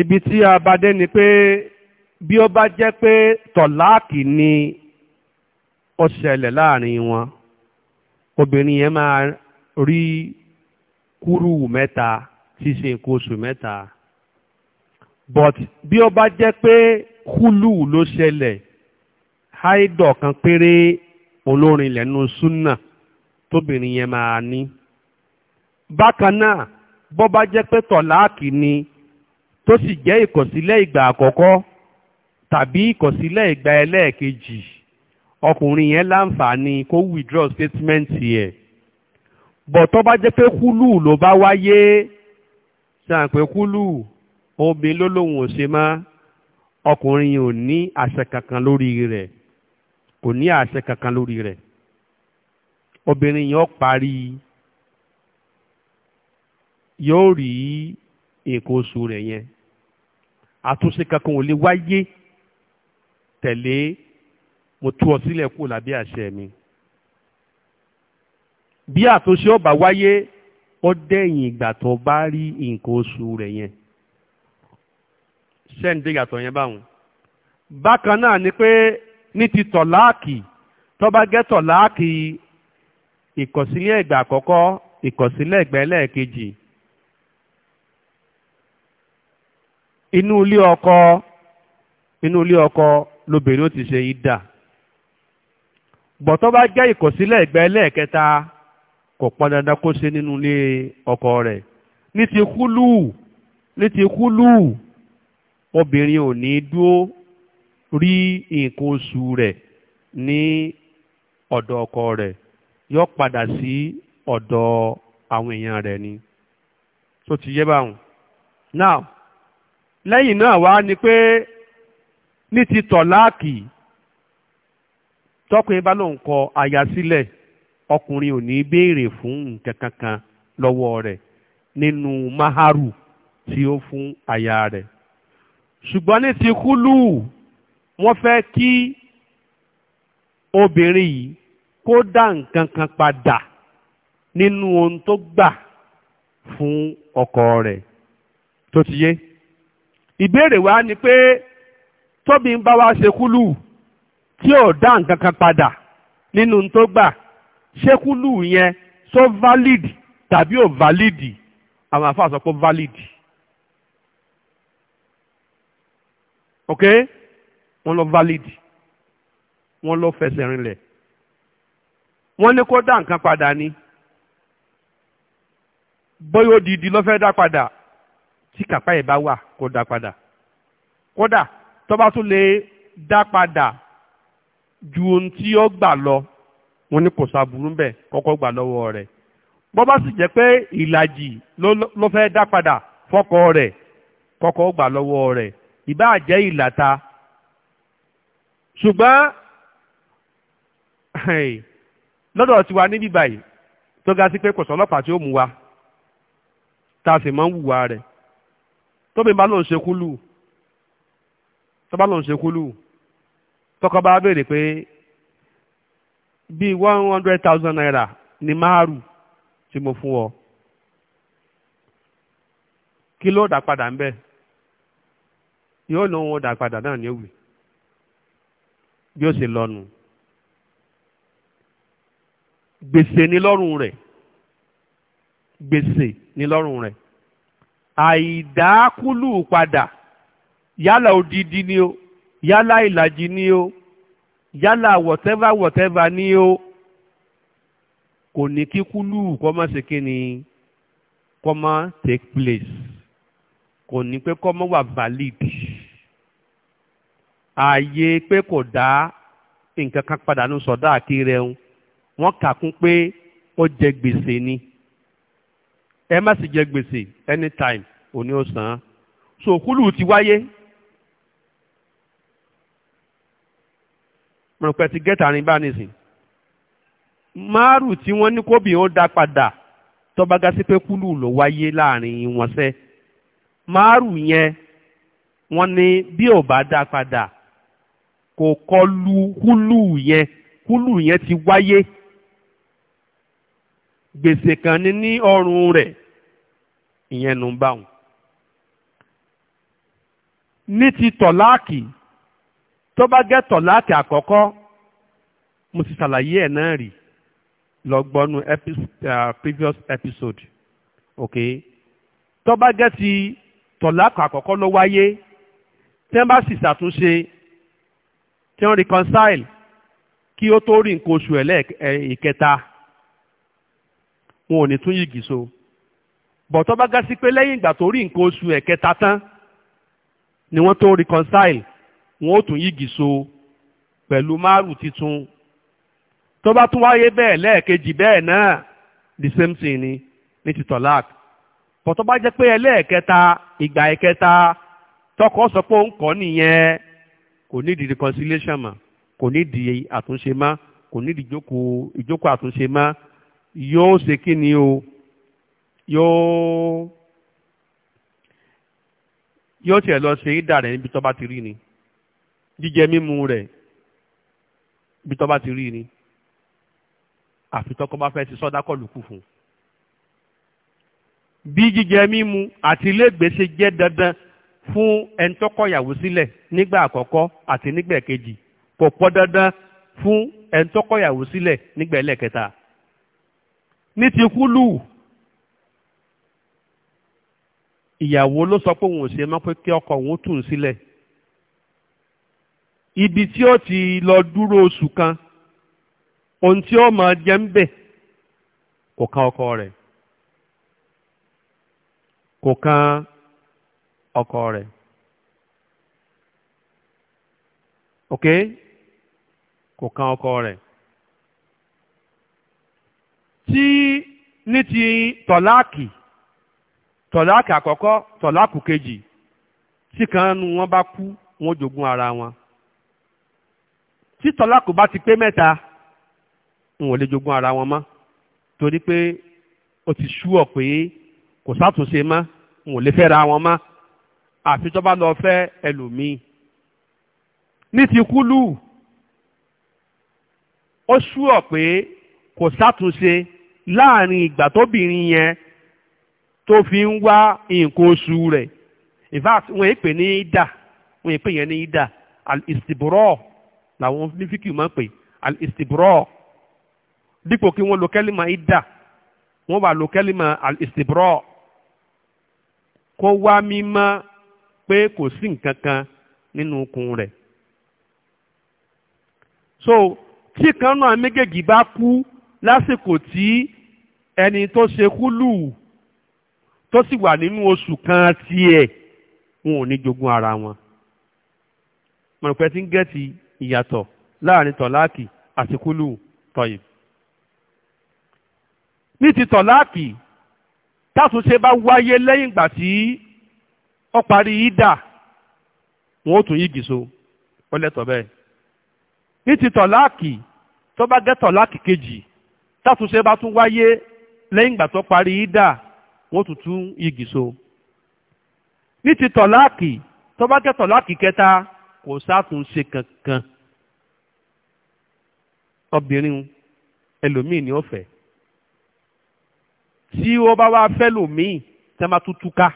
ibi tí a bá dé ni pé bí ó bá jẹ́ pé tọ̀láàkì ni ó ṣẹlẹ̀ láàrin wọn obìnrin yẹn máa rí kúrú mẹ́ta ṣíṣe nǹkan oṣù mẹ́ta but bí ó bá jẹ́ pé kúlù ló ṣẹlẹ̀ háìdọ̀ kan péré olórin lẹ́nu súnà tóbìnrin yẹn máa ní bákan náà bó bá jẹ́ pé tọ̀láàkì ni tó sì jẹ́ ìkọ̀sílẹ̀ ìgbà àkọ́kọ́ tàbí ìkọ̀sílẹ̀ ìgbà ẹlẹ́ẹ̀kejì ọkùnrin yẹn láǹfààní kó withdraw statement yẹ bọ̀ tó bá jẹ́ pé kúlù ló bá wáyé sàn pé kúlù obìnrin ló lòun ò ṣe mọ́ ọkùnrin ò ní àṣẹ kankan lórí rẹ̀ kò ní àṣẹ kankan lórí rẹ̀ obìnrin yẹn ó parí yóò rí èkó oṣù yẹn àtúnṣe kankan ò lè wáyé tẹ̀lé mo tú ọ sílẹ̀ kúrò lábẹ́ àṣẹ mi bí àtúnṣe ọba wáyé ó dẹ̀yìn ìgbà tó bá rí nǹkan oṣù rẹ̀ yẹn sẹ́ǹdé yàtọ̀ yẹn báwọn bákan náà ni pé ní ti tọ̀láàkì tó bá gẹ́ tọ̀láàkì ìkọ̀sílẹ̀ ìgbà àkọ́kọ́ ìkọ̀sílẹ̀ ìgbà ẹlẹ́ẹ̀kejì inú ilé ọkọ inú ilé ọkọ lobìnrin ó ti ṣe ìdà bọ̀tọ́ bá jẹ́ ìkọ̀sílẹ̀ ìgbẹ́ lẹ́ẹ̀kẹta kò pọn dandan kó ṣe nínú ilé ọkọ rẹ̀ ní ti kúlù ní ti kúlù obìnrin ò ní dúó rí nǹkan oṣù rẹ̀ ní ọ̀dọ̀ ọkọ rẹ̀ yóò padà sí ọ̀dọ̀ àwọn èèyàn rẹ̀ ni tó ti yé báwọn now lẹ́yìn náà wá ni pé ní ti tọ̀láàkì tọkùnrin bá lóun kọ aya sílẹ̀ ọkùnrin ò ní béèrè fún nǹkan kankan lọ́wọ́ rẹ̀ nínú máhárù tí ó fún aya rẹ̀ ṣùgbọ́n ní ti kúlù wọ́n fẹ́ kí obìnrin yìí kó dá nǹkan kan padà nínú ohun tó gbà fún ọkọ rẹ̀ tó ti yé ìbéèrè wa ni pé tóbi ń bá wa ṣe kúlù tí ò dá nǹkan kan padà nínú tó gbà ṣé yẹn so valid tàbí ò valid àwọn àfa sọ pé valid. ok wọ́n lọ valid wọ́n lọ fẹsẹ̀ rinlẹ̀ wọ́n ní kó dá nǹkan padà ni bóyá odidi ló fẹ́ dá padà tí kàpá ẹ̀ bá wà kó dá padà kódà tó bá tún lè dá padà ju ohun tí ó gbà lọ wọn ní kò sàbùrú bẹ́ẹ̀ kọ́kọ́ gbà lọ́wọ́ rẹ̀ bó bá sì jẹ́ pé ìlàjì ló fẹ́ dá padà fọ́kọ rẹ̀ kọ́kọ́ gbà lọ́wọ́ rẹ̀ ìbáà jẹ́ ìlàta ṣùgbọ́n lọ́dọ̀ tiwa níbí báyìí tó ga sí pé kò sọ́lọ́pàá tí ó mú wa tá a sì mọ́ ń wùwà rẹ̀ tóbi bá lòun ṣe kúlù tó bá lòun ṣe kúlù tọkọ bá béèrè pé bíi one hundred thousand naira ni máàrù tí mo fún ọ kí ló dà padà ń bẹ yóò lóun ó dà padà náà ní òwì bí ó sì lọ́nu gbèsè ní lọ́rùn rẹ̀ gbèsè ní lọ́rùn rẹ̀ àìdákúlù padà yálà odidi ni o yálà ìlàjì ni o yálà whatever whatever ni o kò ní kíkúlù kọ́mọ́ ṣe kí kọ́mọ́ take place kò ní pé kọ́mọ́ wà valid ààyè pé kò dá nǹkan kan padà ní sọ̀dá àkírẹ̀ wọn kà kún pé ó jẹ gbèsè ni ẹ má sì jẹ gbèsè anytime òní ó san án so kúlù ti wáyé mọ̀nàpẹ́ ti gẹ́tà rìn bá nìsín márùn tí wọ́n ní kóbì ó dá padà tọ́ba gá sí pé kúlù ló wáyé láàrin wọn sẹ́ márùn yẹn wọ́n ní bí ò bá dá padà kò kọlu kúlù yẹn kúlù yẹn ti wáyé gbèsè kan ní ní ọrùn rẹ̀ ìyẹn nù ń bá wọn. ní ti tọ̀láàkì tó bá gẹ́ tọ̀láàkì àkọ́kọ́ mo sì ṣàlàyé ẹ̀ náà rí lọ previous episode ok tó bá gẹ́ ti tọ̀láàkì àkọ́kọ́ ló wáyé tí wọ́n bá sì ṣàtúnṣe tí wọ́n reconcile kí ó tó rí nǹkan oṣù ẹ̀ ìkẹta. E, wọn ò ní tún yìgì so bọ̀tọ́ bá gá sí pé lẹ́yìn ìgbà tó rí nǹkan oṣù ẹ̀kẹta tán ni wọ́n tó reconcile wọn ó tún yìgì so pẹ̀lú márùn titun tó bá tún wáyé bẹ́ẹ̀ lẹ́ẹ̀kejì bẹ́ẹ̀ náà the same thing ni ní ti tọ́lák bọ̀tọ́ bá jẹ́ pé ẹlẹ́ẹ̀kẹta ìgbà ẹ̀kẹta tọkọ sọ pé òun kọ́ nìyẹn kò nídìí reconciliation mọ́ kò nídìí àtúnṣe mọ́ kò nídìí ìjókòó àtúnṣe mọ́ yóò ṣe kí ni o yóò yóò tiẹ̀ lọ ṣe ìdà rẹ̀ níbi tó bá ti rí ni jíjẹ mímu rẹ̀ níbi tó bá ti rí ni àfitọ́kọ́ bá fẹ́ ti sọ́dá kọlù kù fún un. bí jíjẹ mímu àti ilégbèsè jẹ́ dandan fún ẹni tó kọ̀yàwó sílẹ̀ nígbà àkọ́kọ́ àti nígbà kejì kò pọ̀ dandan fún ẹni tó sílẹ̀ nígbà ẹlẹ́kẹta ní ti kúlù ìyàwó ló sọ pé òun ò ṣe mọ́ pé kí ọkọ òun tún sílẹ̀ ibi tí ó ti lọ dúró oṣù kan ohun tí ó máa jẹ ń bẹ̀ kò kan ọkọ rẹ̀ kò kan ọkọ rẹ̀ ok kò kan ọkọ rẹ̀ tí ní ti tọ̀láàkì tọ̀láàkì àkọ́kọ́ tọ̀láàkù kejì tí kan nu wọn bá kú wọn jogún ara wọn tí tọ̀láàkù bá ti pé mẹ́ta wọn ò lè jogún ara wọn mọ́ torí pé ó ti sú ọ̀ pé kò sátúnṣe mọ́ wọn ò lè fẹ́ ra wọn mọ́ àfi tó bá lọ fẹ́ ẹlòmíì ní ti kúlù ó sú pé kò sátúnṣe láàrin ìgbà tóbìnrin yẹn tó fi ń wá nǹkan oṣù rẹ̀ in fact wọ́n èpè ní ida wọ́n èpè yẹn ní ida al-istibro làwọn onífíkì máa ń pè al-istibro dípò kí wọ́n lo kẹ́límà ida wọ́n wà lo kẹ́límà al-istibro kó wá mímọ́ pé kò sí nǹkan kan nínú ikùn rẹ̀ so tí kan náà méjèèjì bá kú lásìkò tí ẹni tó ṣe kúlù tó sì wà nínú oṣù kan tiẹ̀ wọn ò ní jogún ara wọn. mọ̀nàpẹ́ ti ń gẹ́tì ìyàtọ̀ láàrin tọ̀láàkì àti kúlù tọ̀yìn. ní ti tọ̀láàkì tátúnṣe bá wáyé lẹ́yìn ìgbà tí ó parí ìdà wọn ó tún yí gìso ó lẹ́tọ̀ bẹ́ẹ̀. ní ti tọ̀láàkì tó bá gẹ́ tọ̀láàkì kejì tátúnṣe bá tún wáyé lẹ́yìn ìgbà tó parí ìdá wọ́n tún tún igi so ní ti tọ̀láàkì tó bá jẹ́ tọ̀láàkì kẹta kò sátúnṣe kankan obìnrin ẹlòmíì ni ó fẹ́ tí ó bá wá fẹ́ lòmíì tẹ́ máa tún túká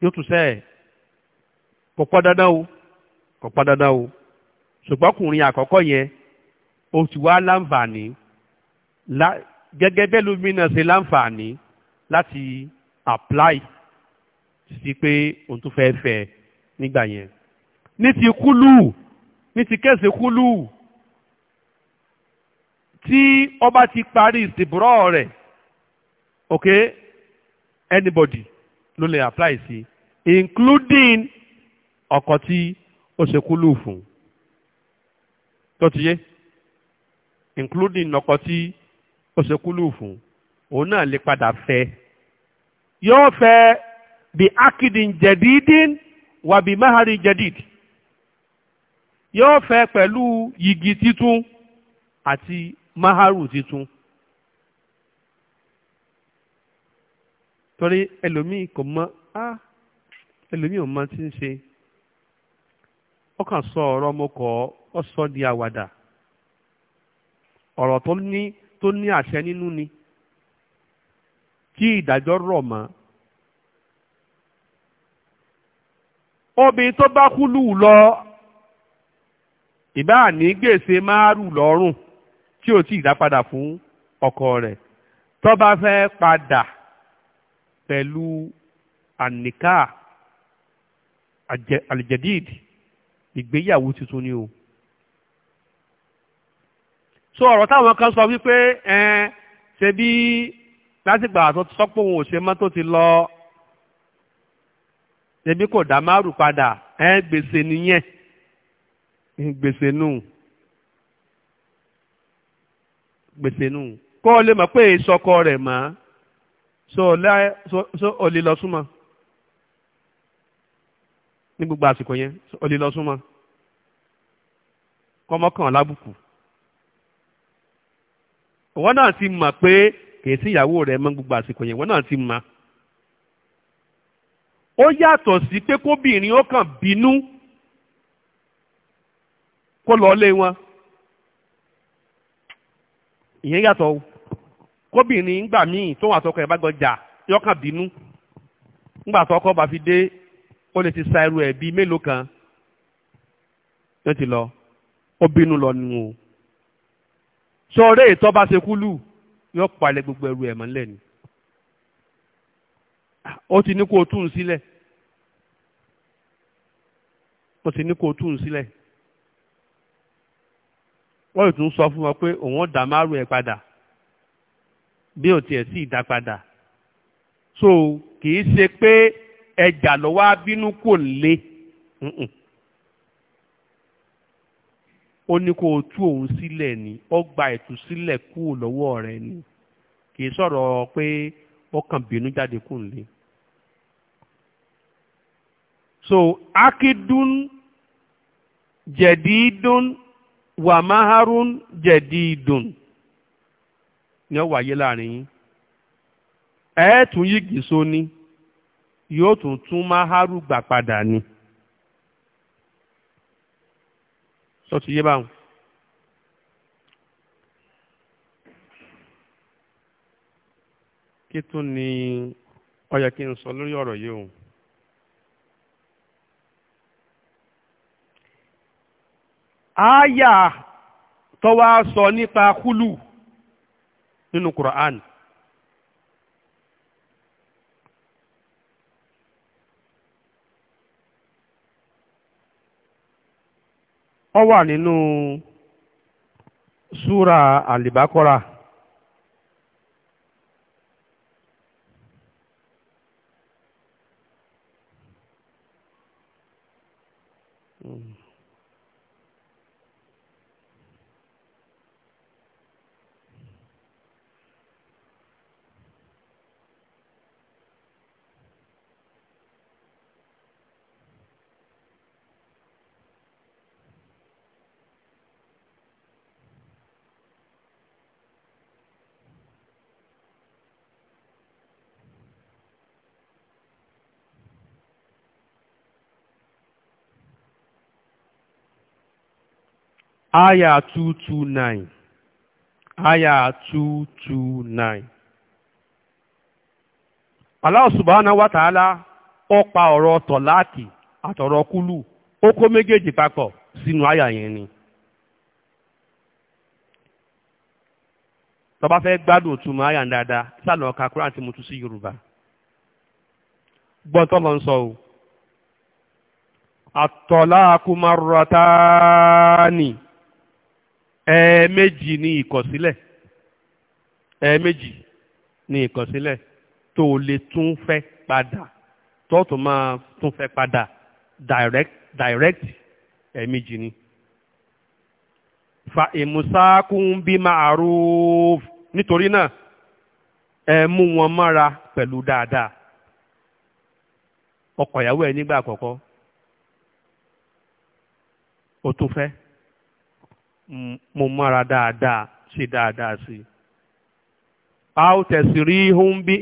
yóò tún sẹ́ ẹ̀ kò dandan o kò pọ́ dandan o ṣùgbọ́n ọkùnrin àkọ́kọ́ yẹn o sì wá láǹfààní gẹ́gẹ́ bẹ́ẹ̀ lómi náà ṣe láǹfààní láti apply sí pé òun tún fẹ́ẹ́ fẹ́ nígbà yẹn ní ti kúlù ní ti kẹ́sì kúlù tí ọba ti parí ìsìnbúrọ̀ rẹ̀ ok anybody ló lè apply sí including ọkọ tí ó ṣe kúlù fún tó ti yé including ọkọ tí ó ṣe kúlù fún òun náà lè padà fẹ́ yóò fẹ́ bí akidin jẹ̀dídín wàbí mahari jẹ̀díd yóò fẹ́ pẹ̀lú yìgì títún àti maharu títún. torí ẹlòmíì kò mọ á ẹlòmíì ò mọ tí ń ṣe ọkàn sọ ọ̀rọ̀ mo kọ ọ sọ di àwàdà ọ̀rọ̀ tó ní tó ní àṣẹ nínú ni tí ìdájọ́ rọ̀ mọ́ obìnrin tó bá kú lù lọ ìbá ní gbèsè márù lọ́rùn tí ò tí ì dápadà fún ọkọ rẹ̀ tó bá fẹ́ padà pẹ̀lú àníkà àlìjẹ̀díìdì ìgbéyàwó tuntun ni o so ọ̀rọ̀ táwọn kan sọ wípé ẹn ṣe bí lásìgbà tó sọ́pọ̀ òun ò ṣe mọ́ tó ti lọ ṣebí kò dá márùn padà ẹn gbèsè nìyẹn gbèsè nù gbèsè nù kó o lè mọ̀ pé ìsọkọ rẹ̀ mọ́ so o lè lọ súnmọ́ ní gbogbo àsìkò yẹn o lè lọ súnmọ́ kọ́mọ́kàn lábùkù ìwọ náà ti mọ̀ pé kì í sí ìyàwó rẹ̀ mọ́ gbogbo àsìkò yẹn ìwọ náà ti mọ̀ ó yàtọ̀ sí pé kóbìnrin ó kàn bínú kó lọ lé wọn ìyẹn yàtọ̀ kóbìnrin ńgbà míì tó wà tọkọ ẹ̀ bá gbọ́ jà yọkàn bínú ńgbà tọkọ bá fi dé ó lè ti sa irú ẹ̀ bíi mélòó kan ló ti lọ ó bínú lọ nù o sọ̀rọ̀ ètò bá ṣe kúlù yóò palẹ̀ gbogbo ẹrù ẹ̀ mọ́lẹ̀ ni ó ti ní kó o tún un sílẹ̀ ó ti ní kó o tún un sílẹ̀ wọ́n yóò tún sọ fún wọn pé òun ó dá márùn ẹ̀ padà bí ò tiẹ̀ sí ìdá padà so kì í ṣe pé ẹjà lọ́wọ́ abínú kò lé. ó ní kó o tú òun sílẹ̀ ni ó gba ìtúsílẹ̀ kúrò lọ́wọ́ rẹ̀ ni kì í sọ̀rọ̀ pé ó kàn bínú jáde kù nílé. so akidun jẹ̀dídun wàmáharun jẹ̀dídun ni ó wáyé láàrin yín ẹ̀ẹ́tún yìgì ni yóò tún tún máharù gbà padà ni. sọ ti yé báwọn. kí tún ni ó yẹ kí n sọ lórí ọ̀rọ̀ yìí o. àáyà tó sọ nípa húlù nínú Qur'an ó wà nínú súra àlìbákọ́ra. aya 229 aya 229 Allah subhanahu wa ta'ala ó pa ọ̀rọ̀ tọ̀láàkì àtọ̀rọ̀ kúlù ó kó méjèèjì papọ̀ sínú aya yẹn ni tó fẹ́ gbádùn òtúmọ̀ aya dáadáa sálọ ọ̀ka kúrò àti mo tún sí Yorùbá gbọ́n tọ́lọ ń sọ o àtọ̀láàkú ni. ẹ̀ẹ̀mejì ni ìkọ̀sílẹ̀ ẹ̀ẹ̀mejì ni ìkọ̀sílẹ̀ tó lè tún fẹ́ padà tó tún máa tún fẹ́ direct ẹ̀ẹ̀mejì ni. fa ìmùsákùn bí ma'ruf nítorí náà ẹ mú wọn mara pẹ̀lú dáadáa ọkọ ìyàwó ẹ nígbà àkọ́kọ́ o tún fẹ́. Mm, mo mara dáadáa ṣe dáadáa sí a ó tẹ̀sí rí bí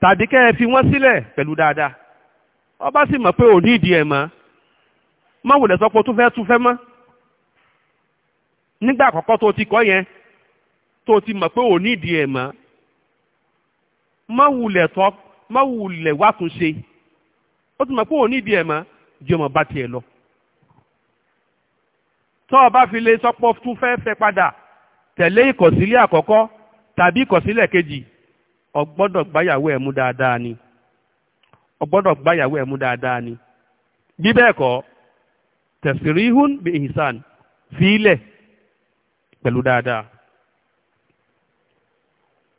tàbí ẹ fi wọ́n sílẹ̀ pẹ̀lú dáadáa ọba sì mọ̀ pé ò ní ìdí ẹ̀ mọ́ má wùlẹ̀ sọ pé o tún fẹ́ tún fẹ́ mọ́ nígbà àkọ́kọ́ tó ti kọ́ yẹn ti mọ̀ pé ò ní ìdí ẹ̀ tó o bá fi lè sọpọ̀ tún fẹ́ fẹ́ padà tẹ̀lé ìkọ̀sílẹ̀ àkọ́kọ́ tàbí ìkọ̀sílẹ̀ kejì o gbọ́dọ̀ gbáyàwó ẹ̀ mú dáadáa ni o gbọ́dọ̀ gbáyàwó ẹ̀ mú dáadáa ni bí bẹ́ẹ̀ kọ́ tẹ̀sírìhún bí ihsan fílẹ̀ pẹ̀lú dáadáa.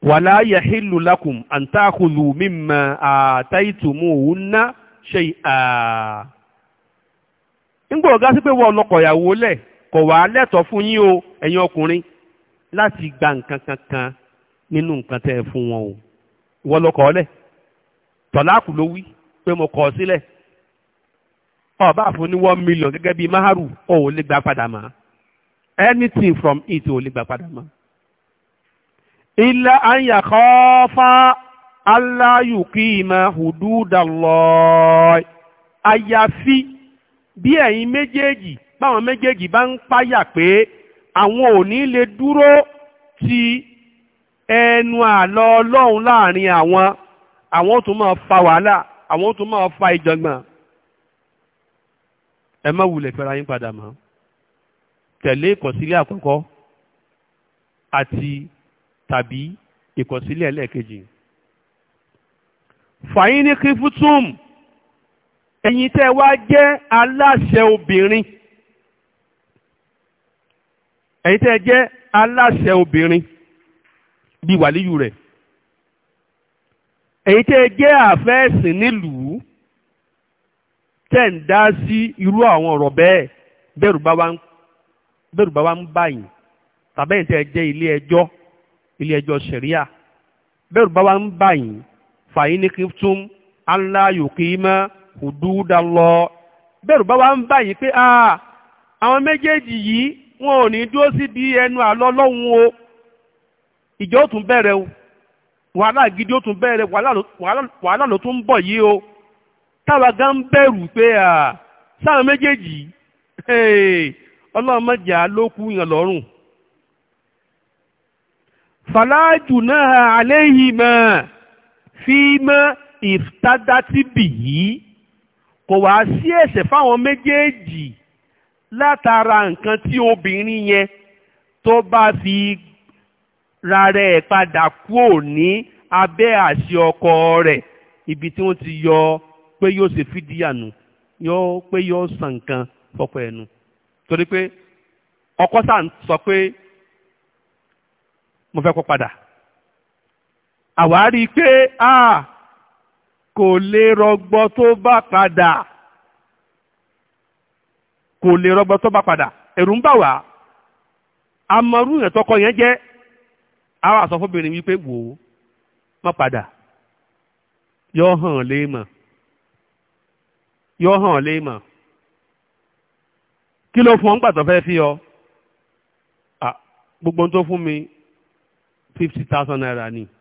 wàlá yahillu lakum an takhudhu mimma ataitumuhunna shay'a. ń gbọ́dọ̀ gá sí pé wọ́n ọlọ́kọ̀ lẹ̀ kò wá lẹ́tọ̀ọ́ fún yín o ẹ̀yin ọkùnrin láti gba nǹkan kankan nínú nǹkan tẹ́ ẹ fún wọn o ìwọ ló kọ̀ ọ́ ló wí pé mo kọ̀ ọ́ sílẹ̀ ọba àfún ní one million gẹ́gẹ́ bíi maharu ò ò lè gbà padà mọ́ anything from it ò lè gbà padà mọ́. ilẹ̀ anya kọ́fà aláyùkìmọ̀ hùdúdàlọ́ àyàfi bí ẹ̀yin méjèèjì báwọn méjèèjì bá ń páyà pé àwọn ò ní lè dúró ti ẹnu àlọ ọlọ́run láàrin àwọn àwọn ó tún máa fa wàhálà àwọn ó tún máa fa ìjọ̀gbọ̀n ẹ má wulẹ̀ fẹ́ra yín padà mọ́ tẹ̀lé ìkọ̀sílẹ̀ àkọ́kọ́ àti tàbí ìkọ̀sílẹ̀ ẹlẹ́ẹ̀kejì fàyín ní kí fútùm ẹ̀yin tẹ́ wá jẹ́ aláṣẹ obìnrin ẹ̀yin tẹ́ jẹ́ aláṣẹ obìnrin bíi wàlíyù rẹ̀ ẹ̀yin tẹ́ jẹ́ àfẹ́ẹ̀sìn nílùú tẹ́ ń dá sí irú àwọn ọ̀rọ̀ bẹ́ẹ̀ bẹ́rù bá wá ń báyìí tàbí ẹ̀yin tẹ́ jẹ́ ilé ẹjọ́ ilé ẹjọ́ ṣẹ̀ríà bẹ́rù bá wá ń báyìí fàyín kí tún lọ bá wá ń báyìí pé àwọn méjèèjì wọn ò ní dúró bí ẹnu àlọ́ lọ́hùn o ìjọ ó tún bẹ̀rẹ̀ o wàhálà gidi tún bẹ̀rẹ̀ wàhálà ló tún ń bọ̀ yìí o táwa gan bẹ̀rù pé sáà méjèèjì ọlọ́run ló kú yàn lọ́rùn fàlájù náà mọ́ kò wá sí fáwọn méjèèjì látara nǹkan tí obìnrin yẹn tó bá fi rárẹ̀ ẹ̀ padà kúò ní abẹ́ àṣẹ ọkọ rẹ̀ ibi tí wọ́n ti yọ pé yóò ṣe fídíànù yóò pé yóò san nǹkan fọ́pọ ẹnu torí pé ọkọ sàn sọ pé mo fẹ́ kó padà àwárí pé a kò lè rọgbọ tó bá padà kò lè rọgbọ tó bá padà ẹ̀rù ń bà wá amọ̀rú yẹn tọkọ yẹn jẹ́ àwọn àsọfóbìnrin wípé wò ó má padà yọ hàn lé yọ hàn lé kí ló fún ọ ńgbà tó fẹ́ fi ọ gbogbo tó fún mi fifty thousand naira ni.